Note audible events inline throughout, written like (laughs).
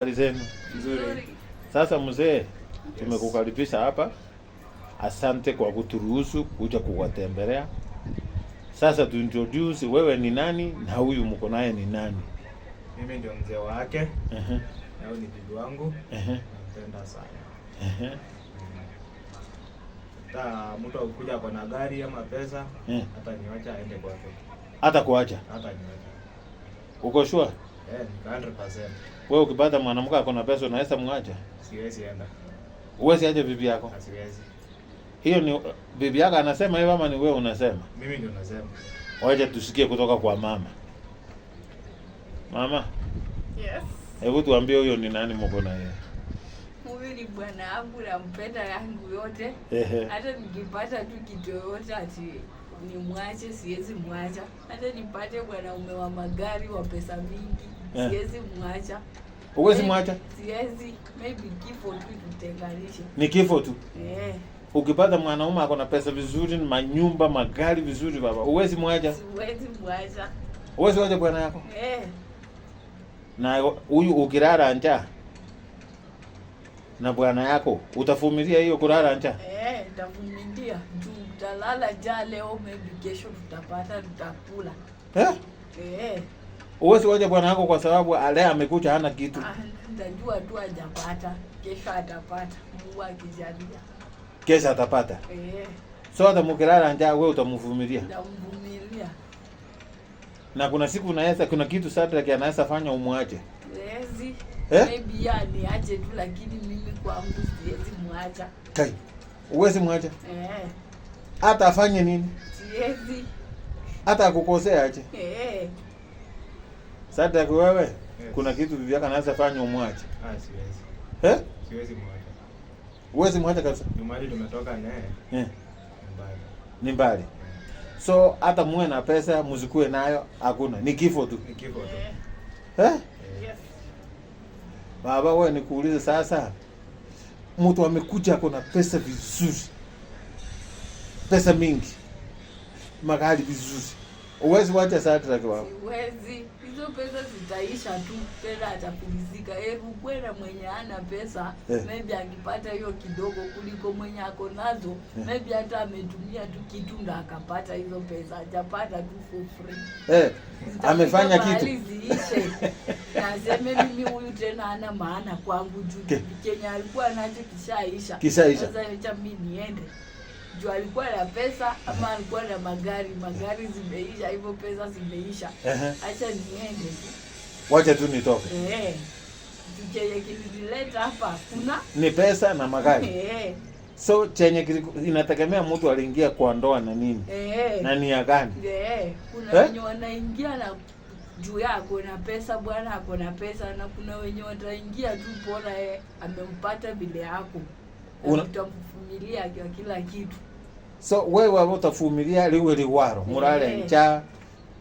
Zenu. Nzuri. Sasa mzee, tumekukaribisha hapa. Asante kwa kuturuhusu kuja kuwatembelea. Sasa tu introduce wewe ni nani na huyu mko naye ni nani? Mimi ndio mzee wake. Uh -huh. Na huyu ni bibi wangu. Uh -huh. Napenda sana. Uh -huh. Ta mtu akuja kwa na gari ama pesa, uh -huh. Hata niwacha aende kwake. Hata kuacha? Hata niwacha. Uko sure? Eh, yeah, 100%. Wewe ukipata mwanamke na pesa unaweza mwacha? Siwezi enda. Uwezi aje bibi yako? Siwezi. Hiyo ni bibi yako anasema hivyo ama ni wewe unasema? Mimi ndio nasema. Wacha tusikie kutoka kwa mama. Mama? Yes. Hebu tuambie huyo ni nani mko na yeye? Huyu ni bwana wangu na mpenda yangu yote. Hata nikipata tu kitu ati ni mwache, siwezi mwacha. Hata nipate wa magari wa pesa mingi, eh. siwezi mwacha. Uwezi mwacha? Siwezi. Maybe kifo tu tutenganishe. Ni kifo tu? Eh. Ukipata mwanaume ako na pesa vizuri, manyumba, magari vizuri baba. Uwezi mwacha? Siwezi mwacha. Uwezi wacha bwana yako? Eh. Na huyu ukirara nja na bwana yako utavumilia hiyo kurara nja Eh, nitavumilia. Tutalala njaa leo, maybe kesho tutapata tutakula. Eh? Eh. Uwezi ngoja bwana wako kwa sababu alea amekucha hana kitu. Ah, Najua tu ajapata, kesho atapata. Mungu akijalia. Kesho atapata. Eh. So hata mkilala njaa wewe utamvumilia. Utamvumilia. Na kuna siku unaweza kuna kitu Sadrak anaweza fanya umwache. Siwezi. Eh? Maybe ya niache tu lakini mimi kwangu siwezi mwacha. Kai. Uwezi mwacha? Eh. Hata afanye nini? Siwezi. Hata akukosea aje? Eh. Sasa Sadak wewe yes. Kuna kitu bibi yako anaweza fanya umwache? Ah, siwezi. Eh? Siwezi mwacha. Uwezi mwacha kabisa. Ni mali tumetoka naye. Eh. Ni mbali. Yeah. So hata muwe na pesa muzikue nayo hakuna. Ni kifo tu. Ni kifo tu. Eh? Yes. Eh. Baba wewe nikuulize sasa. Mtu amekuja kuna pesa vizuri. Pesa mingi. Magari vizuri. Uwezi wacha Sadak wako. Siwezi hizo pesa zitaisha tu, tena atapumzika. Hebu kwenda mwenye ana pesa yeah. maybe akipata hiyo kidogo kuliko mwenye ako nazo yeah. maybe hata ametumia tu kitu ndo akapata hizo pesa, ajapata tu for free eh, amefanya kitu ziishe (laughs) naseme mimi huyu tena ana maana kwangu juu okay, Kenya alikuwa nacho kishaisha kishaisha, sasa acha mimi niende juu alikuwa na pesa ama alikuwa na magari, magari zimeisha, hivyo pesa zimeisha. Acha niende, wacha tu nitoke eh, chenye kilinileta hapa kuna ni pesa na magari eh. So chenye inategemea mtu aliingia kwa ndoa na nini eh, na nia gani eh, kuna wenye eh, wanaingia na juu yako na pesa bwana, ako na pesa, na kuna wenye wataingia tu bora, eh, amempata vile yako, utamfumilia kwa kila kitu so wewe utafumilia liwe liwaro murale yeah. mulalenja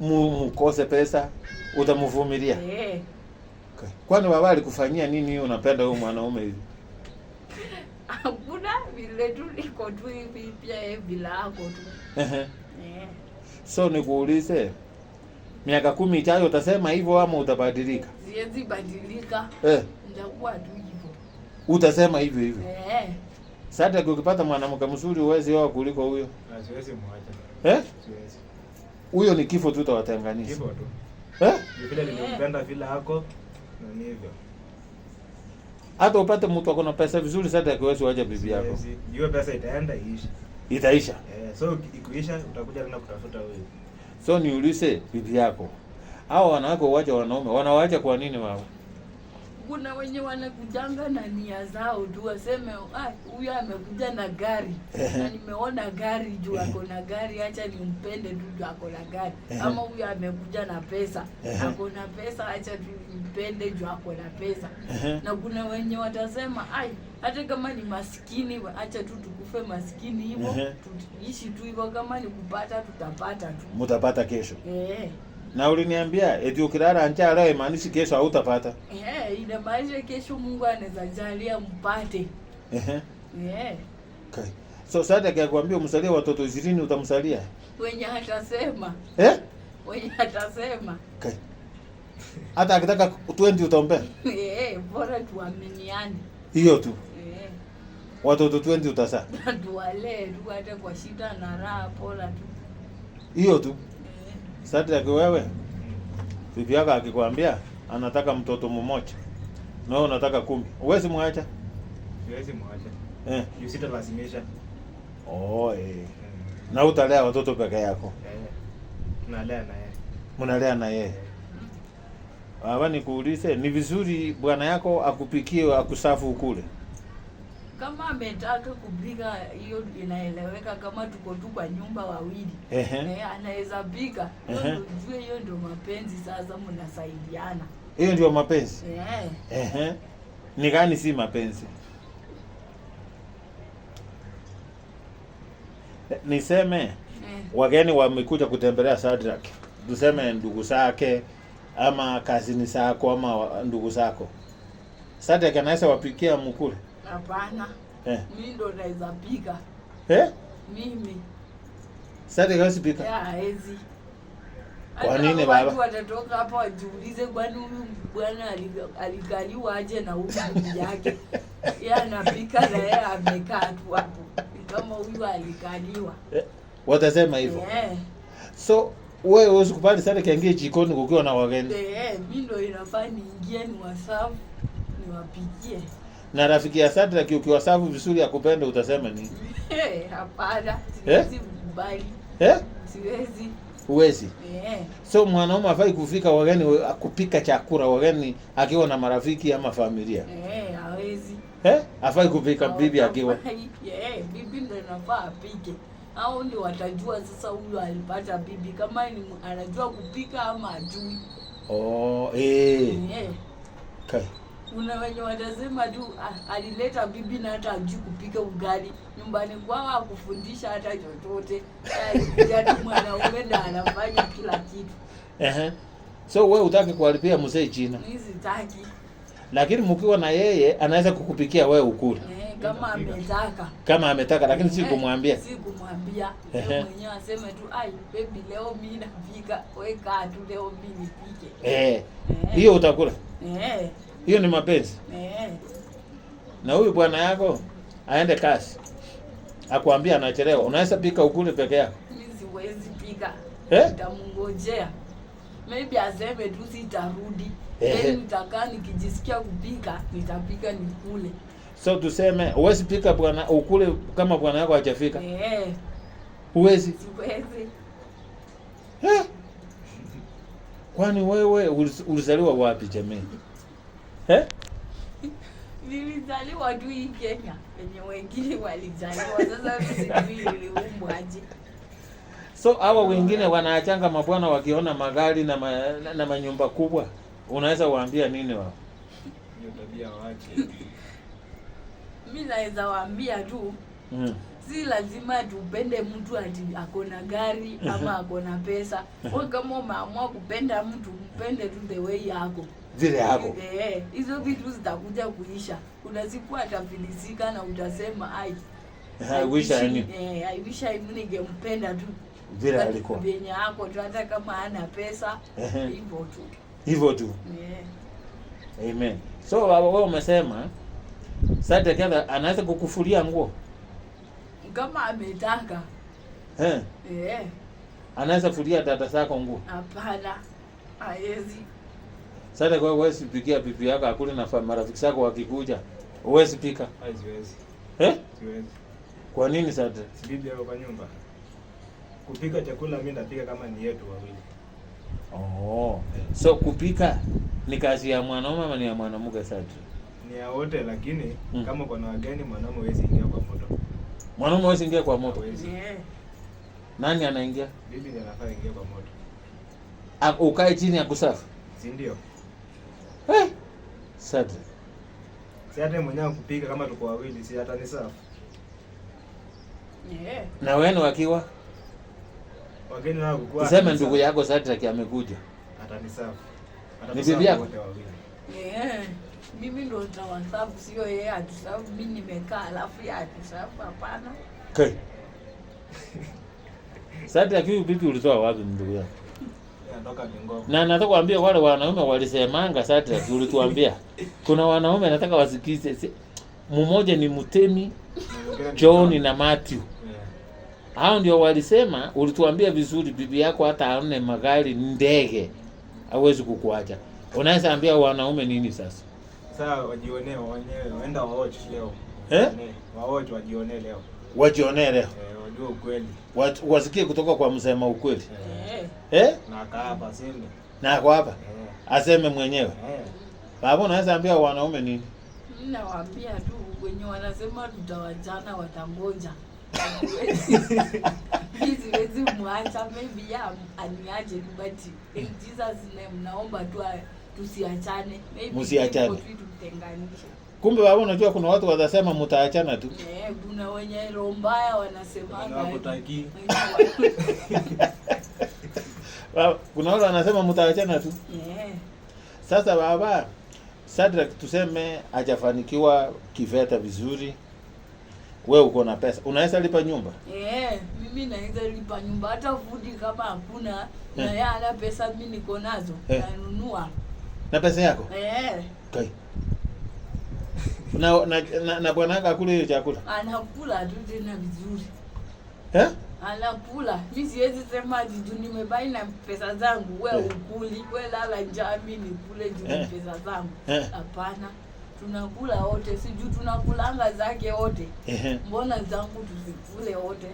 mukose pesa utamuvumilia okay. kwani baba alikufanyia nini unapenda huyu mwanaume hivi (laughs) hakuna vile tu iko tu hivi pia yeye bila bilako tu so nikuulize miaka kumi ijayo utasema hivyo ama utabadilika siwezi badilika eh. ndakuwa tu hivyo utasema hivyo hivyo eh. Sasa Sadaki ukipata mwanamke mzuri uwezi wao kuliko huyo. Siwezi mwacha. Eh? Siwezi. Huyo ni kifo tu tutawatenganisha. Kifo tu. Eh? Ni vile nilimpenda vile hako na ni hivyo. Hata upate mtu ako na pesa vizuri sasa Sadaki uwezi waje bibi yako. Siwezi. Hiyo pesa itaenda iisha. Itaisha. Eh, so ikuisha utakuja tena kutafuta huyo. So niulize bibi yako. Hao wanawake waacha wanaume, wanawaacha kwa nini wao? kuna wenye wanakujanga na nia zao tu waseme ah, huyo amekuja na gari na nimeona gari juu ako na gari, acha nimpende tu juu ako na gari. Ama huyo amekuja na pesa, ako na pesa, acha tu nimpende juu ako na pesa. Na kuna wenye watasema ai, hata kama ni maskini, acha tu tukufe maskini hivyo, tuishi tu hivyo, kama ni kupata tutapata tu, mtapata kesho eh. Na uliniambia eti ukilala njaa leo imaanishi kesho hautapata. Eh, inamaanisha kesho Mungu anaweza jalia mpate. Eh. Yeah. Okay. So sasa akikwambia umsalie watoto 20 utamsalia? Wenye atasema. Eh? Wenye atasema. Okay. Hata akitaka 20 utaombea? Eh, bora tuaminiane. Hiyo tu. Eh. Watoto 20 utazaa. Tuwalee tu hata kwa shida na raha, pola tu. Hiyo tu. Sadraki, wewe bibi yako akikwambia anataka mtoto mmoja na wewe unataka kumi, uwezi mwacha? Siwezi mwacha eh, juu sitalazimisha. Oh, eh. eh. Na utalea watoto peke yako eh? Tunalea na yeye, mnalea na yeye eh. Awa nikuulize, ni vizuri bwana yako akupikie akusafu ukule kama ametaka kupika hiyo inaeleweka, kama tuko tu kwa nyumba wawili eh, anaweza pika, ujue hiyo ndio mapenzi. Sasa mnasaidiana, hiyo ndio mapenzi eh. Ni gani si mapenzi? Niseme eh, wageni wamekuja kutembelea Sadrak, tuseme ndugu zake ama kazini zako ama ndugu zako, Sadrak anaweza wapikia mkule Hapana. Eh. Mimi ndo naweza pika. Eh? Mimi. Sasa hawezi pika. Ya, hezi. Kwa nini baba? Watu watatoka hapa wajiulize kwani huyu bwana alikaliwa aje na huyu ndugu yake. (laughs) Yeye anapika na yeye amekaa tu hapo. Kama huyu alikaliwa. Eh. Watasema hivyo. Eh. So wewe huwezi kupata sana kiangie jikoni kukiwa na wageni. Eh, mimi ndo inafaa niingie niwasafu niwapikie na rafiki ya Sadraki ukiwasafu vizuri akupende utasema nini? Hey, (laughs) eh, hapana, eh? siwezi kubali. Eh? Siwezi. Uwezi? Yeah. So mwanaume afai kufika wageni kupika chakula wageni akiwa na marafiki ama familia. Eh, hey, hawezi. Eh? Afai kupika Awe, bibi akiwa. Yeah, eh, bibi ndio inafaa apike. Au ndio watajua sasa huyu alipata bibi kama ni anajua kupika ama ajui. Oh, eh. Yeah. Okay kuna wenye watasema tu ah, alileta bibi na hata ajui kupika ugali nyumbani kwao, akufundisha hata chochote tu, mwanaume na anafanya kila kitu. Ehe, so we utaki kuwalipia mzee jina? Mimi sitaki, lakini mkiwa na yeye anaweza kukupikia wewe ukule eh, kama ametaka, kama ametaka, lakini si eh, kumwambia, si kumwambia mwenyewe aseme tu, ai baby, leo mimi napika, weka tu, leo mimi nipike. Eh. eh, hiyo utakula eh hiyo ni mapenzi yeah. Na huyu bwana yako aende kazi, akwambia anachelewa, unaweza pika ukule peke yako? Mimi siwezi pika eh? Nitamngojea maybe aseme tu sitarudi eh. Yaani nitakaa nikijisikia kupika, nitapika nikule. So tuseme uwezi pika bwana ukule kama bwana yako hajafika eh? Uwezi? siwezi eh? Kwani wewe ulizaliwa wapi jamii? Eh? Nilizaliwa tu hii Kenya, wenye wengine walizaliwa sasa, sijui niliumbwaje. So hawa wengine wanaachanga mabwana wakiona magari na, ma, na, na manyumba kubwa, unaweza waambia nini wao? Mi naweza waambia tu mm. Si lazima tupende mtu ati akona gari ama akona pesa. (laughs) kama umeamua kupenda mtu, mpende tu the way yako zile hapo, eh, hizo vitu zitakuja kuisha. Kuna siku atafilisika na utasema ai, I wish I ningempenda tu vile alikuwa vyenye hako tu, hata kama ana pesa hivyo tu hivyo tu. Yeah. Amen. So baba, wewe umesema sasa kenda anaweza kukufulia nguo kama ametaka eh, yeah. Anaweza fulia dada zako nguo? Hapana, hawezi sasa kwa huwezi pikia bibi yako akuli na marafiki zako wakikuja. Huwezi pika. Haiwezi. Eh? Siwezi. Kwa nini sasa? Bibi yako kwa nyumba. Kupika chakula mimi napika kama ni yetu wawili. Oh. So kupika ni kazi ya mwanaume ama ni ya mwanamke sasa? Ni ya wote lakini hmm. Kama kuna wageni mwanaume hawezi ingia kwa moto. Mwanaume hawezi ingia kwa moto. Yeah. Nani anaingia? Bibi ndiye anafaa ingia kwa moto. Ukae chini ya kusafi. Si ndio? Eh. Sasa. Si hata mwenyewe kupika kama tuko wawili, si hata ni sawa. Yeah. Na wenu wakiwa wageni nao kukua. Tuseme ndugu yako Sadraki amekuja. Hata ni sawa. Ni bibi yako. Yeah. Mimi ndo nitawasafu, sio yeye atusafu. Mimi nimekaa alafu yeye atusafu, hapana. Okay. (laughs) Sadraki, bibi ulitoa wapi ndugu yako? na nataka kuambia wale wanaume walisemanga, sasa ulituambia kuna wanaume nataka wasikize, mmoja ni Mtemi John na Matthew hao ndio walisema, ulituambia vizuri, bibi yako hata aone magari ndege hawezi kukuacha. Unaweza ambia wanaume nini sasa? Sasa wajionee wenyewe, waenda waoje leo eh, waoje wajionee leo, wajionee leo eh, wajue ukweli, wasikie kutoka kwa msema ukweli yeah. Eh? eh, na Na kwa Yeah. aseme mwenyewe Eh. Yeah. baba. Unaweza ambia wanaume nini? Nawaambia tu wenye wanasema tutawajana watangoja (laughs) siwezi mwacha, maybe ya aniaje tu, but in Jesus name naomba tu tusiachane, maybe msiachane, Kumbe baba, unajua kuna watu watasema mtaachana tu. Eh, kuna wenye roho mbaya wanasema. Na kutaki. (laughs) kuna wale wanasema mtaachana tu yeah. Sasa baba Sadrak, tuseme hajafanikiwa kiveta vizuri, we uko na pesa, unaweza lipa nyumba yeah. Mimi naweza lipa nyumba, hata fundi kama hakuna eh. na yeye ana pesa, mimi niko nazo yeah. Nanunua na pesa yako yeah. Okay. na na, na, na bwananga hiyo chakula anakula tu tena vizuri eh? Anakula. Mimi siwezi sema juu nimebai na pesa zangu. we eh. ukuli, we lala njaa, mimi nikule juu ni eh. pesa zangu. Eh. Hapana. Tunakula wote, si tunakulanga zake wote. Mbona zangu tusikule wote?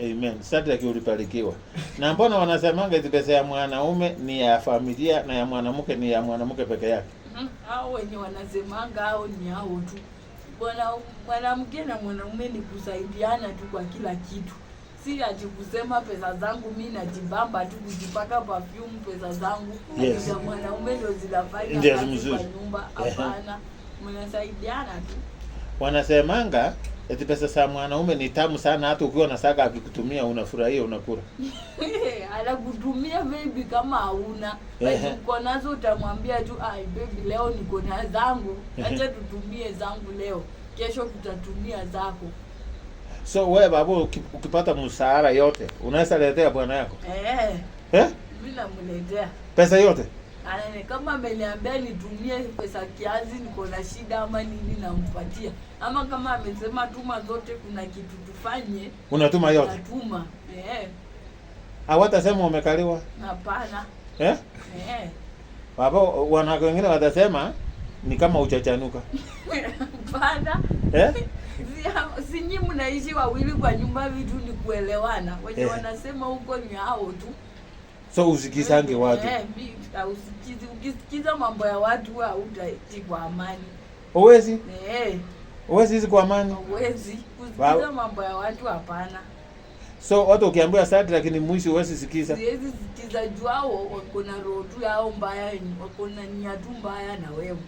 Amen. Sadaki ulibarikiwa. Na mbona wanasemanga hizi pesa ya mwanaume ni ya familia na ya mwanamke ni ya mwanamke peke yake? Mhm. Hao wenye wanasemanga hao ni hao tu. Bwana mwanamke na mwanaume ni kusaidiana tu kwa kila kitu si ati kusema pesa zangu mi najibamba tu kujipaka perfume pesa zangu yes. za mwanaume ndio zinafanya yes, kwa nyumba hapana mnasaidiana tu wanasemanga eti pesa za mwanaume ni tamu sana hata ukiwa na saka akikutumia unafurahia unakula (laughs) anakutumia baby kama hauna uko nazo utamwambia tu ai baby leo niko na zangu acha tutumie zangu leo kesho tutatumia zako So wewe babu, ukipata msahara yote unaweza letea bwana yako eh? Eh, mimi namletea pesa yote Anane, kama ameniambia nitumie pesa kiasi, niko na shida ama nini, nampatia. Ama kama amesema tuma zote, kuna kitu tufanye, unatuma yote, natuma eh. Ah, Hawatasema umekaliwa? Hapana eh? Eh. Baba, wanawake wengine watasema ni kama uchachanuka. (laughs) Hapana eh? sinyi mnaishi wawili kwa nyumba, vitu ni kuelewana wenye eh, wanasema huko ni hao tu. So usikizange eh, watu eh, usikizi, ukisikiza mambo ya watu hautaishi kwa amani. Uwezi eh, uwezi hizi kwa amani, uwezi kusikiza mambo ya watu hapana. So watu ukiambiwa sati lakini mwisho uwezi sikiza. Siwezi sikiza juu hao wako na roho tu yao mbaya, wako na nia tu mbaya na wewe.